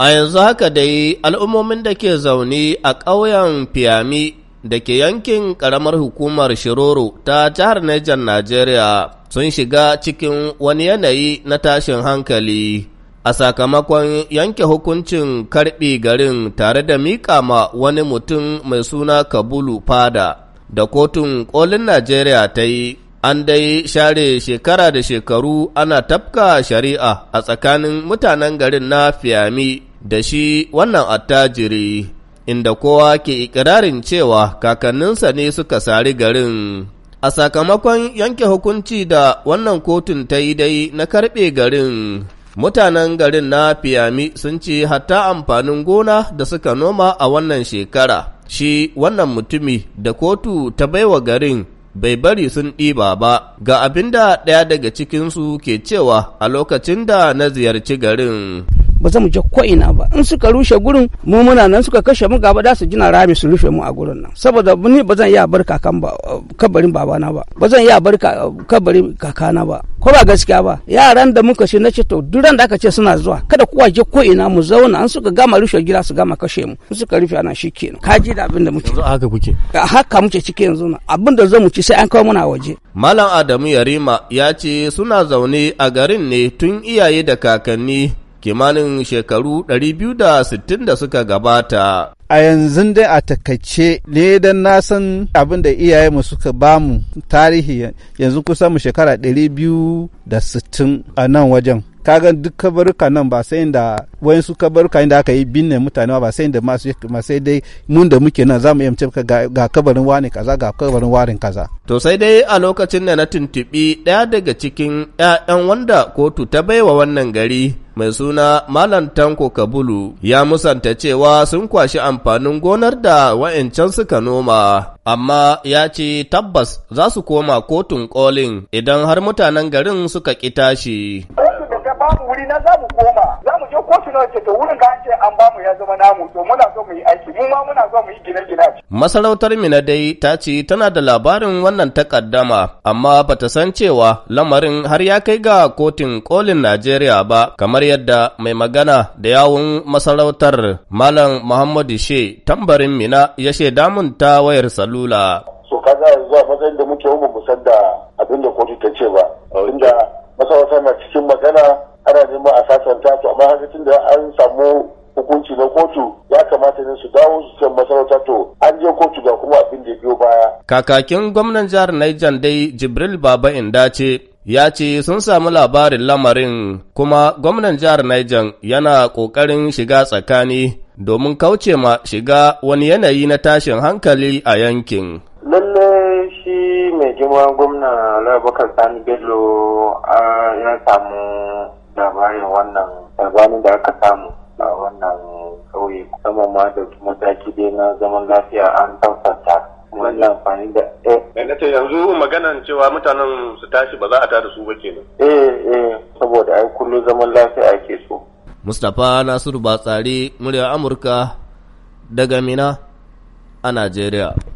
A yanzu haka dai al'ummomin da ke zaune a ƙauyen Fiyami da ke yankin ƙaramar hukumar Shiroro ta jihar Nijar Najeriya sun shiga cikin wani yanayi na tashin hankali a sakamakon yanke hukuncin karɓi garin tare da miƙa ma wani mutum mai suna Kabulu Fada da kotun ƙolin Najeriya ta yi. An dai share shekara da shekaru ana tafka shari'a a tsakanin mutanen garin na Fiyami da shi wannan attajiri inda kowa ke ikirarin cewa kakanninsa ne suka sari garin. A sakamakon yanke hukunci da wannan kotun ta yi dai na karɓe garin, mutanen garin na Fiyami sun ce hatta amfanin gona da suka noma a wannan shekara. Shi wannan mutumi da kotu ta baiwa garin bai bari sun ɗiba ba ga abinda da ɗaya daga cikinsu ke cewa a lokacin da na ziyarci garin. ba za mu je ko ina ba in suka rushe gurin mu muna nan suka kashe mu gaba da su jina rami su rufe mu a gurin nan saboda ni ba zan iya bar kakan ba kabarin babana ba ba zan iya bar kabarin kakana ba ko ba gaskiya ba yaran da muka shi na ce to duran da aka ce suna zuwa kada kowa je ko ina mu zauna an suka gama rushe gida su gama kashe mu suka rufe ana shi kenan ka ji da abin da muke haka kuke haka muke ciki yanzu na abin da zamu ci sai an kawo muna waje malam adamu yarima ya ce suna zaune a garin ne tun iyaye da kakanni kimanin shekaru 260 da suka gabata. A yanzu dai a takaice ne dan na san abin da mu suka bamu tarihi yanzu kusan mu shekara 260 a nan wajen. kaga duk kabaruka nan ba sai da su kabaruka inda aka yi binne mutane ba sai da masu sai dai mun da muke nan zamu iya mutum ga kabarin wani kaza ga kabarin warin kaza to sai dai a lokacin da na tuntubi daya daga cikin ƴaƴan wanda kotu ta baiwa wannan gari mai suna Malam Tanko Kabulu ya musanta cewa sun kwashi amfanin gonar da wayancan suka noma, amma ya ce tabbas za su koma kotun kolin idan har mutanen garin suka ƙi tashi. babu wuri na za mu koma za mu je kotu na ce to wurin ga an ce an bamu ya zama namu to muna so mu yi aiki mu ma muna so mu yi gine-gine. Masarautar Mina dai ta ce tana da labarin wannan takaddama amma bata san cewa lamarin har ya kai ga kotun kolin Najeriya ba kamar yadda mai magana da yawun masarautar Malam Muhammadu She tambarin Mina ya shaida mun ta wayar salula. So kaga yanzu a matsayin da muke mu san da abin da kotu ta ce ba. Inda masarautar na cikin magana ana neman a sasanta to amma haka tun da an samu hukunci na kotu ya kamata ne su dawo su can masarauta to an je kotu ga kuma abin da biyo baya. Kakakin gwamnan jihar Niger dai Jibril Baba Inda ce ya ce sun samu labarin lamarin kuma gwamnan jihar Niger yana ƙoƙarin shiga tsakani domin kauce ma shiga wani yanayi na tashin hankali a yankin. Lalle shi mai girma gwamna Alhaji Sani Bello ya samu labarin wannan labarin da aka samu a wannan ƙauye kuma ma da mataki dai na zaman lafiya an tabbata wannan amfani da eh, eh na yanzu maganan cewa mutanen su tashi ba za a tada su ba kenan eh eh saboda ai kullu zaman lafiya ake so Mustapha Nasiru Batsari murya Amurka daga Mina a Najeriya